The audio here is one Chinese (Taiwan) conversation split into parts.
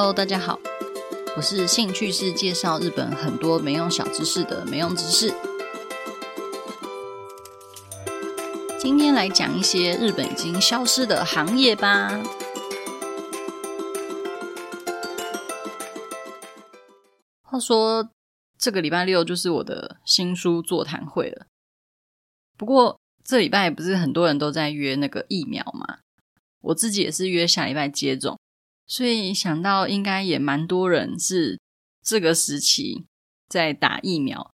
Hello，大家好，我是興趣是介紹日本很多沒用小知識的沒用知識。今天來講一些日本已經消失的行業吧。話說，這個禮拜六就是我的新書座談會了。不過這禮拜不是很多人都在約那個疫苗嗎，我自己也是約下禮拜接種。所以想到，應該也蠻多人是這個時期在打疫苗。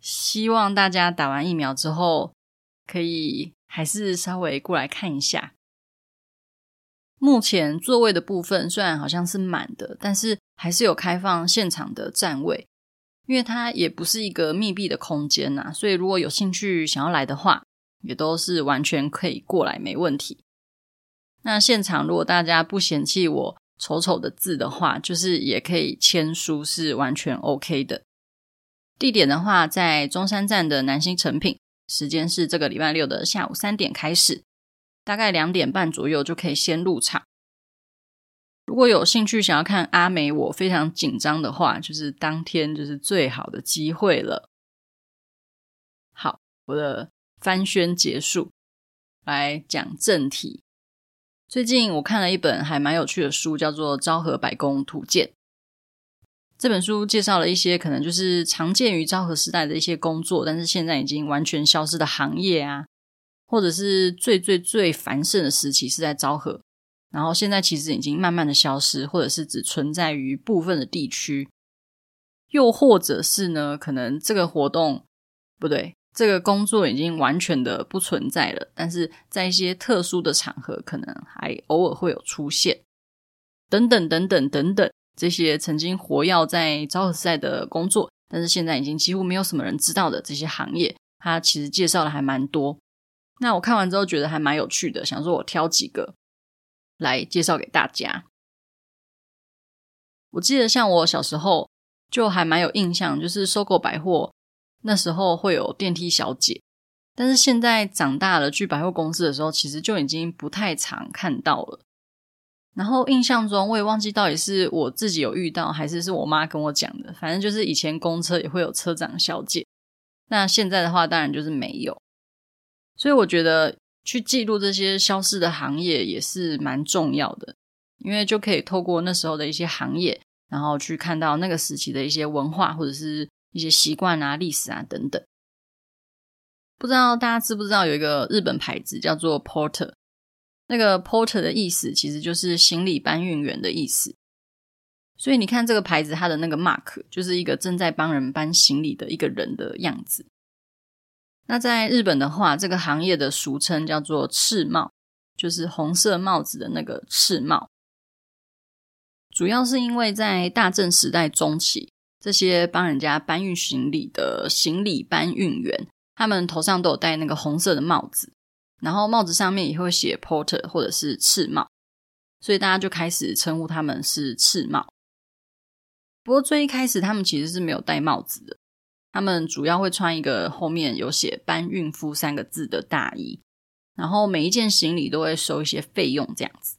希望大家打完疫苗之後，可以還是稍微過來看一下。目前座位的部分雖然好像是滿的，但是還是有開放現場的站位，因為它也不是一個密閉的空間吶、啊。所以如果有興趣想要來的話，也都是完全可以過來，沒問題。那現場如果大家不嫌棄我醜醜的字的話，就是也可以簽書，是完全 OK 的。地點的話，在中山站的南西誠品，時間是這個禮拜六的下午三點開始，大概兩點半左右就可以先入場。如果有興趣想要看阿美，我非常緊張的話，就是當天就是最好的機會了。好，我的番宣結束，來講正題。最近我看了一本還蠻有趣的書，叫做《昭和百工圖鑑》。這本書介紹了一些可能就是常見於昭和時代的一些工作，但是現在已經完全消失的行業啊，或者是最最最繁盛的時期是在昭和，然後現在其實已經慢慢的消失，或者是只存在於部分的地區，又或者是呢，可能這個活動，不對。這個工作已經完全的不存在了，但是在一些特殊的場合，可能還偶爾會有出現。等等等等等等，這些曾經活躍在昭和時代的工作，但是現在已經幾乎沒有什麼人知道的這些行業，它其實介紹的還蠻多。那我看完之後覺得還蠻有趣的，想說我挑幾個來介紹給大家。我記得像我小時候就還蠻有印象，就是收購百貨。那時候會有電梯小姐，但是現在長大了去百貨公司的時候，其實就已經不太常看到了。然後印象中我也忘記到底是我自己有遇到，還是是我媽跟我講的。反正就是以前公車也會有車長小姐，那現在的話當然就是沒有。所以我覺得去記錄這些消失的行業也是蠻重要的，因為就可以透過那時候的一些行業，然後去看到那個時期的一些文化或者是。一些習慣啊、歷史啊等等，不知道大家知不知道有一個日本牌子叫做 Porter，那個 Porter 的意思其實就是行李搬運員的意思。所以你看這個牌子，它的那個 mark 就是一個正在幫人搬行李的一個人的樣子。那在日本的話，這個行業的俗稱叫做赤帽，就是紅色帽子的那個赤帽。主要是因為在大正時代中期。這些幫人家搬運行李的行李搬運員，他們頭上都有戴那個紅色的帽子，然後帽子上面也會寫 Porter 或者是赤帽，所以大家就開始稱呼他們是赤帽。不過最一開始他們其實是沒有戴帽子的，他們主要會穿一個後面有寫搬運夫三個字的大衣，然後每一件行李都會收一些費用，這樣子。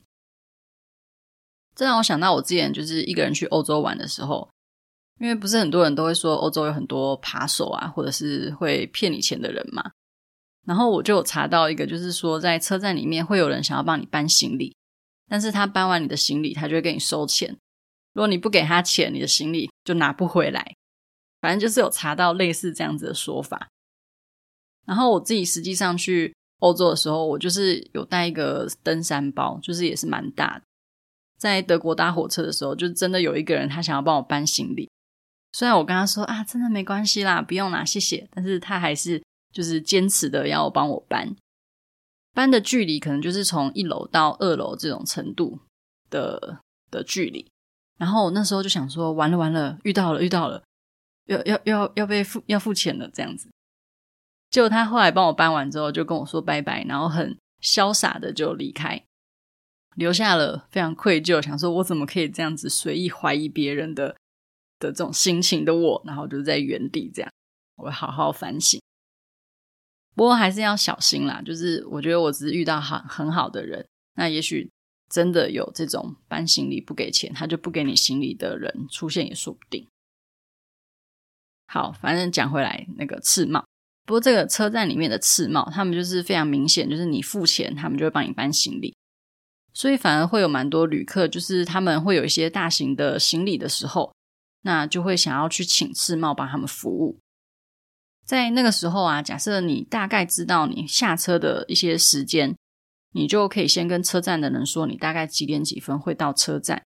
這讓我想到我之前就是一個人去歐洲玩的時候。因為不是很多人都會說歐洲有很多扒手啊，或者是會騙你錢的人嘛。然後我就有查到一個，就是說在車站裡面會有人想要幫你搬行李，但是他搬完你的行李，他就會給你收錢。如果你不給他錢，你的行李就拿不回來。反正就是有查到類似這樣子的說法。然後我自己實際上去歐洲的時候，我就是有帶一個登山包，就是也是蠻大的。在德國搭火車的時候，就真的有一個人他想要幫我搬行李。雖然我跟他說啊，真的沒關係啦，不用啦，謝謝。但是他還是就是堅持的要幫我，我搬，搬的距離可能就是從一樓到二樓這種程度的的距離。然後我那時候就想說，完了完了，遇到了遇到了，要要要要被付要付錢了這樣子。結果他後來幫我搬完之後，就跟我說拜拜，然後很瀟灑的就離開，留下了非常愧疚，想說我怎麼可以這樣子隨意懷疑別人的。的這種心情的我，然後就是在原地這樣，我會好好反省。不過還是要小心啦，就是我覺得我只是遇到好很好的人，那也許真的有這種搬行李不給錢，他就不給你行李的人出現也說不定。好，反正講回來那個赤帽，不過這個車站裡面的赤帽，他們就是非常明顯，就是你付錢，他們就會幫你搬行李，所以反而會有蠻多旅客，就是他們會有一些大型的行李的時候。那就會想要去請赤帽幫他們服務。在那個時候啊，假設你大概知道你下車的一些時間，你就可以先跟車站的人說你大概幾點幾分會到車站，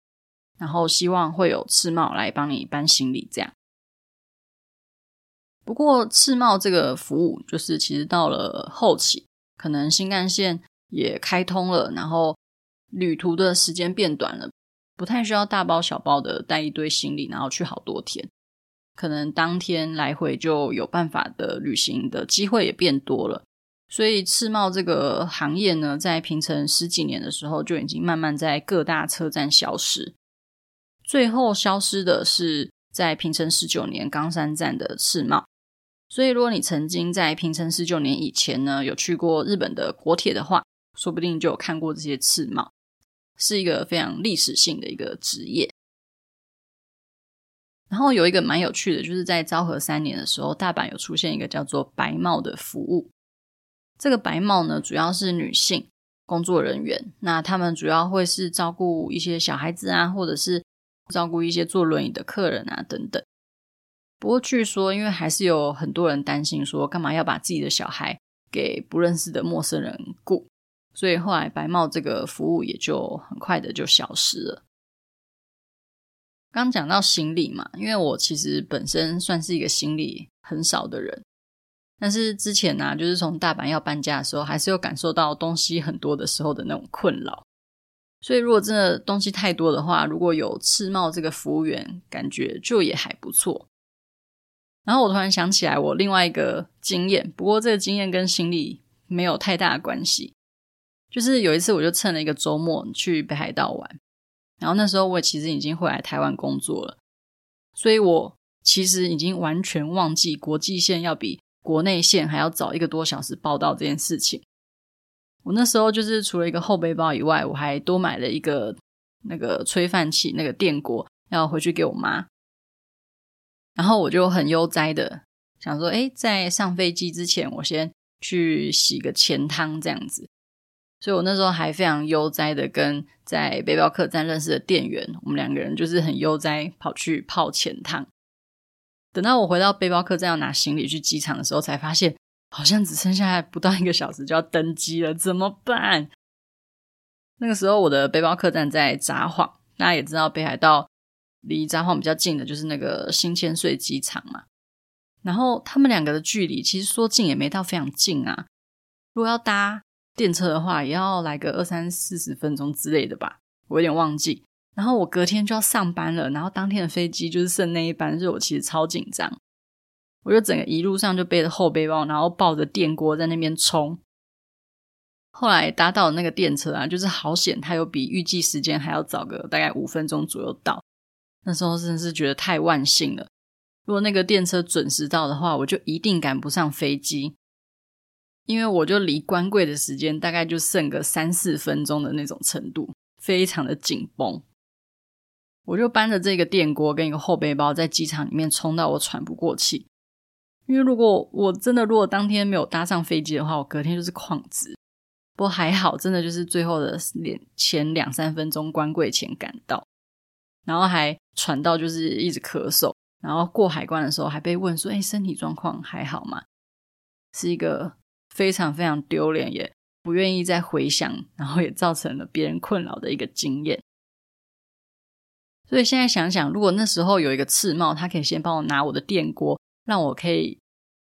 然後希望會有赤帽來幫你搬行李這樣。不過赤帽這個服務，就是其實到了後期，可能新幹線也開通了，然後旅途的時間變短了。不太需要大包小包的帶一堆行李，然後去好多天，可能當天來回就有辦法的旅行的機會也變多了。所以，赤帽這個行業呢，在平成十幾年的時候就已經慢慢在各大車站消失。最後消失的是在平成十九年岡山站的赤帽。所以，如果你曾經在平成十九年以前呢，有去過日本的國鐵的話，說不定就有看過這些赤帽。是一個非常歷史性的一個職業，然後有一個蠻有趣的，就是在昭和三年的時候，大阪有出現一個叫做白帽的服務。這個白帽呢，主要是女性工作人員，那他們主要會是照顧一些小孩子啊，或者是照顧一些坐輪椅的客人啊等等。不過據說，因為還是有很多人擔心說，幹嘛要把自己的小孩給不認識的陌生人雇？所以後來赤帽這個服務也就很快的就消失了。剛講到行李嘛，因為我其實本身算是一個行李很少的人，但是之前呢、啊，就是從大阪要搬家的時候，還是有感受到東西很多的時候的那種困擾。所以如果真的東西太多的話，如果有赤帽這個服務員，感覺就也還不錯。然後我突然想起來我另外一個經驗，不過這個經驗跟行李沒有太大的關係。就是有一次，我就趁了一個周末去北海道玩，然後那時候我其實已經回來台灣工作了，所以我其實已經完全忘記國際線要比國內線還要早一個多小時報到這件事情。我那時候就是除了一個後背包以外，我還多買了一個那個炊飯器、那個電鍋，要回去給我媽。然後我就很悠哉的想說：“誒，在上飛機之前，我先去洗個錢湯這樣子。”所以我那時候還非常悠哉的跟在背包客棧認識的店員，我們兩個人就是很悠哉跑去泡錢湯。等到我回到背包客棧要拿行李去機場的時候，才發現好像只剩下來不到一個小時就要登機了，怎麼辦？那個時候我的背包客棧在札幌，大家也知道北海道離札幌比較近的，就是那個新千歲機場嘛。然後他們兩個的距離其實說近也沒到非常近啊，如果要搭。電車的話，也要來個二三四十分鐘之類的吧，我有點忘記。然後我隔天就要上班了，然後當天的飛機就是剩那一班，所以我其實超緊張，我就整個一路上就背着後背包，然後抱着電鍋在那邊衝。後來搭到那個電車啊，就是好險，它有比預計時間還要早個大概五分鐘左右到。那時候真的是覺得太萬幸了，如果那個電車準時到的話，我就一定趕不上飛機。因為我就離關櫃的時間大概就剩個三四分鐘的那種程度，非常的緊繃。我就搬着這個電鍋跟一個後背包在機場裡面衝到我喘不過氣。因為如果我真的如果當天沒有搭上飛機的話，我隔天就是曠職。不過還好，真的就是最後的兩前兩三分鐘關櫃前趕到，然後還喘到就是一直咳嗽，然後過海關的時候還被問說：“哎，身體狀況還好嗎？”是一個。非常非常丟臉，也不願意再回想，然後也造成了別人困擾的一個經驗。所以現在想想，如果那時候有一個赤帽，他可以先幫我拿我的電鍋，讓我可以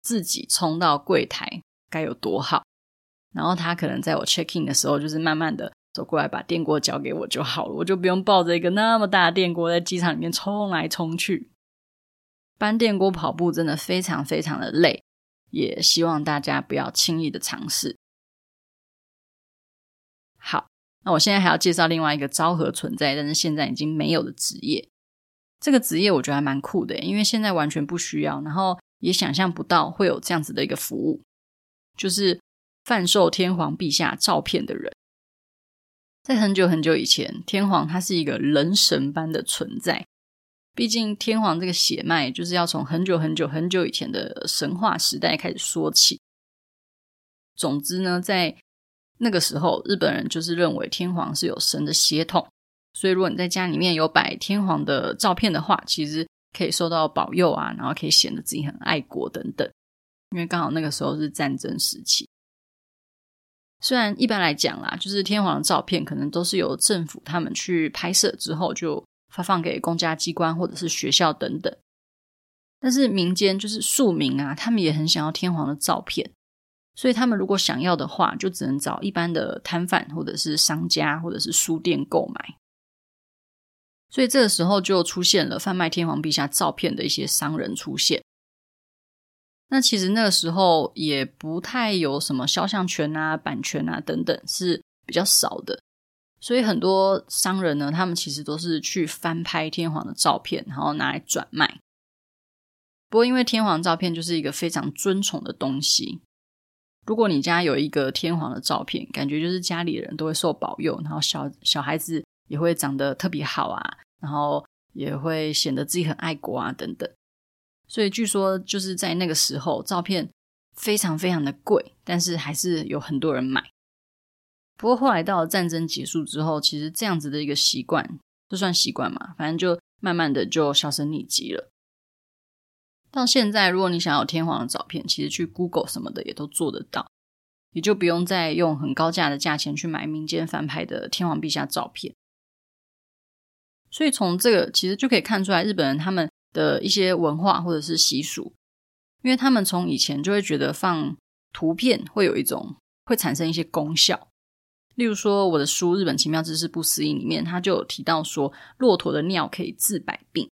自己衝到櫃檯，該有多好。然後他可能在我 check in 的時候，就是慢慢的走過來，把電鍋交給我就好了，我就不用抱着一個那麼大的電鍋在機場裡面衝來衝去，搬電鍋跑步真的非常非常的累。也希望大家不要輕易的嘗試。好，那我現在還要介紹另外一個昭和存在，但是現在已經沒有的職業。這個職業我覺得還蠻酷的，因為現在完全不需要，然後也想象不到會有這樣子的一個服務，就是販售天皇陛下照片的人。在很久很久以前，天皇他是一個人神般的存在。畢竟天皇這個血脈就是要從很久很久很久以前的神話時代開始說起。總之呢，在那個時候，日本人就是認為天皇是有神的血統，所以如果你在家裡面有擺天皇的照片的話，其實可以受到保佑啊，然後可以顯得自己很愛國等等。因為剛好那個時候是戰爭時期，雖然一般來講啦，就是天皇的照片可能都是由政府他們去拍攝之後就。發放給公家機關或者是學校等等，但是民間就是庶民啊，他們也很想要天皇的照片，所以他們如果想要的話，就只能找一般的攤販或者是商家或者是書店購買。所以這個時候就出現了販賣天皇陛下照片的一些商人出現。那其實那個時候也不太有什麼肖像權啊、版權啊等等，是比較少的。所以很多商人呢，他們其實都是去翻拍天皇的照片，然後拿來轉賣。不過，因為天皇的照片就是一個非常尊崇的東西，如果你家有一個天皇的照片，感覺就是家裡的人都會受保佑，然後小小孩子也會長得特別好啊，然後也會顯得自己很愛國啊，等等。所以據說就是在那個時候，照片非常非常的貴，但是還是有很多人買。不過後來到了戰爭結束之後，其實這樣子的一個習慣，就算習慣嘛，反正就慢慢的就銷聲匿跡了。到現在，如果你想要天皇的照片，其實去 Google 什麼的也都做得到，也就不用再用很高價的價錢去買民間翻拍的天皇陛下照片。所以從這個其實就可以看出來，日本人他們的一些文化或者是習俗，因為他們從以前就會覺得放圖片會有一種會產生一些功效。例如說，我的書《日本奇妙知識不思議》裡面，它就有提到說，駱駝的尿可以治百病，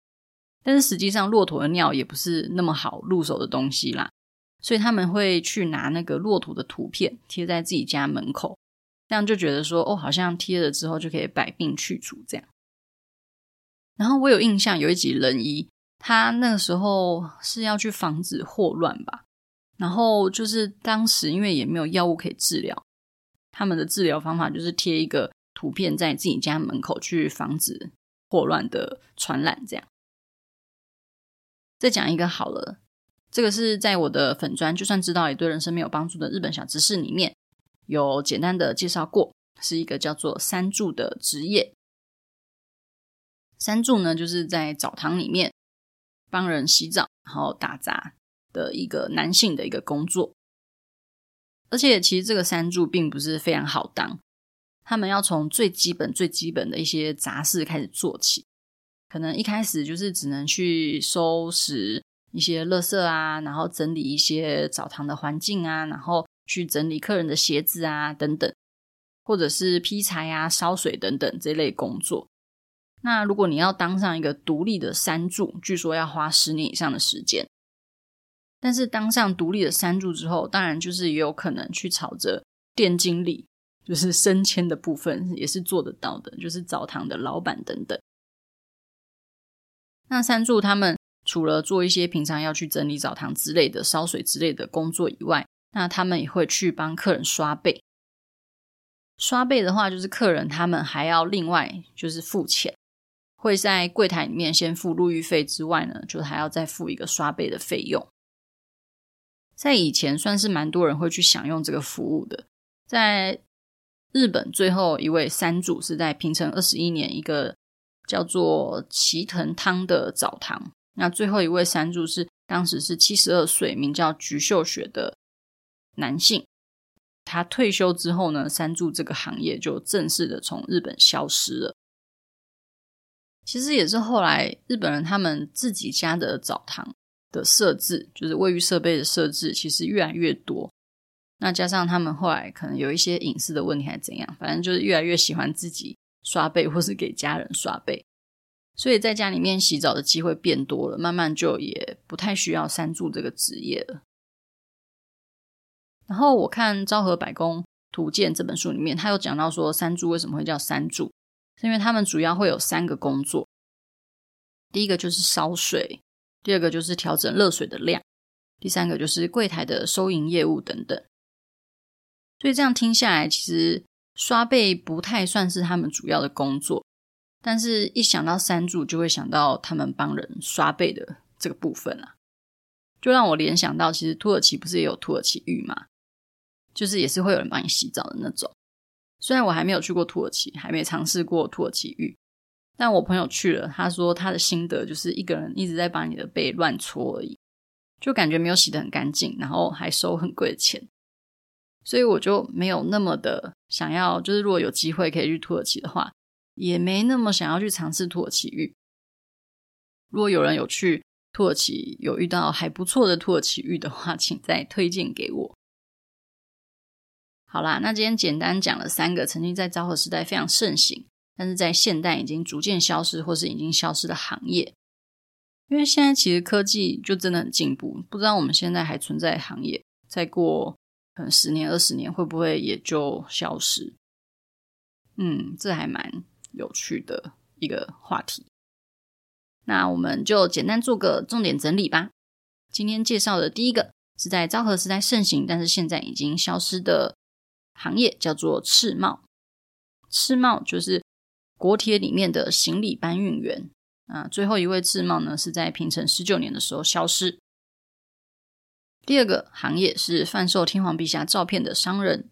但是實際上，駱駝的尿也不是那麼好入手的東西啦。所以他們會去拿那個駱駝的圖片貼在自己家門口，這樣就覺得說，哦，好像貼了之後就可以百病去除這樣。然後我有印象，有一集仁醫，他那個時候是要去防止霍亂吧，然後就是當時因為也沒有藥物可以治療。他們的治療方法就是貼一個圖片在自己家門口，去防止霍亂的傳染。這樣，再講一個好了，這個是在我的粉專，就算知道也對人生沒有幫助的日本小知識裡面，有簡單的介紹過，是一個叫做三助的職業。三助呢，就是在澡堂裡面幫人洗澡，然後打雜的一個男性的一個工作。而且，其實這個三助並不是非常好當，他們要從最基本、最基本的一些雜事開始做起，可能一開始就是只能去收拾一些垃圾啊，然後整理一些澡堂的環境啊，然後去整理客人的鞋子啊等等，或者是劈柴啊、燒水等等這類工作。那如果你要當上一個獨立的三助，據說要花十年以上的時間。但是當上獨立的三助之後，當然就是也有可能去朝着店經理，就是升遷的部分也是做得到的，就是澡堂的老闆等等。那三助他們除了做一些平常要去整理澡堂之類的、燒水之類的工作以外，那他們也會去幫客人刷背。刷背的話，就是客人他們還要另外就是付錢，會在櫃台裡面先付入浴費之外呢，就還要再付一個刷背的費用。在以前算是蠻多人會去享用這個服務的，在日本最後一位三助是在平成二十一年，一個叫做齊藤湯的澡堂，那最後一位三助是當時是七十二歲，名叫橘秀雪的男性，他退休之後呢，三助這個行業就正式的從日本消失了。其實也是後來日本人他們自己家的澡堂的設置就是衛浴設備的設置，其實越來越多。那加上他們後來可能有一些隱私的問題，還是怎樣，反正就是越來越喜歡自己刷背，或是給家人刷背，所以在家裡面洗澡的機會變多了，慢慢就也不太需要三助這個職業了。然後我看《昭和百工圖鑑》這本書裡面，他又講到說，三助為什麼會叫三助，是因為他們主要會有三個工作，第一個就是燒水。第二個就是調整熱水的量，第三個就是櫃檯的收銀業務等等。所以這樣聽下來，其實刷背不太算是他們主要的工作，但是一想到三助就會想到他們幫人刷背的這個部分啊，就讓我聯想到，其實土耳其不是也有土耳其浴嗎？就是也是會有人幫你洗澡的那種。雖然我還沒有去過土耳其，還沒嘗試過土耳其浴。但我朋友去了，他說他的心得就是一個人一直在把你的背亂搓而已，就感覺沒有洗得很乾淨，然後還收很貴的錢，所以我就沒有那麼的想要，就是如果有機會可以去土耳其的話，也沒那麼想要去嘗試土耳其浴。如果有人有去土耳其有遇到還不錯的土耳其浴的話，請再推薦給我。好啦，那今天簡單講了三個曾經在昭和時代非常盛行。但是在現代已經逐漸消失，或是已經消失的行業，因為現在其實科技就真的很進步，不知道我們現在還存在行業，再過可能十年、二十年會不會也就消失？嗯，這還蠻有趣的一個話題。那我們就簡單做個重點整理吧。今天介紹的第一個是在昭和時代盛行，但是現在已經消失的行業叫做赤帽。赤帽就是。國鐵裡面的行李搬運員啊，最後一位赤帽呢是在平成十九年的時候消失。第二個行業是販售天皇陛下照片的商人，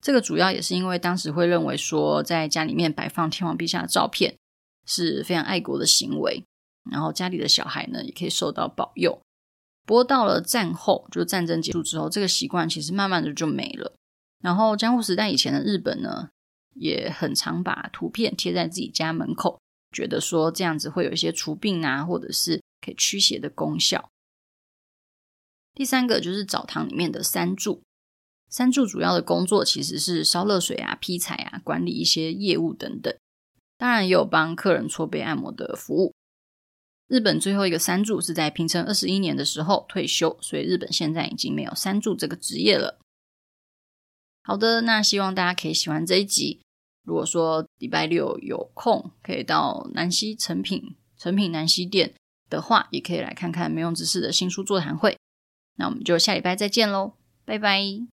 這個主要也是因為當時會認為說，在家裡面擺放天皇陛下的照片是非常愛國的行為，然後家裡的小孩呢也可以受到保佑。不過到了戰後，就是、戰爭結束之後，這個習慣其實慢慢的就，就沒了。然後江戶時代以前的日本呢，也很常把圖片貼在自己家門口，覺得說這樣子會有一些除病啊，或者是可以驅邪的功效。第三個就是澡堂裡面的三柱，三柱主要的工作其實是燒熱水啊、劈柴啊、管理一些業務等等，當然也有幫客人搓背按摩的服務。日本最後一個三柱是在平成二十一年的時候退休，所以日本現在已經沒有三柱這個職業了。好的，那希望大家可以喜歡這一集。如果說禮拜六有空，可以到南西誠品、誠品南西店的話，也可以來看看《沒用知識》的新書座談會。那我們就下禮拜再見嘍，拜拜。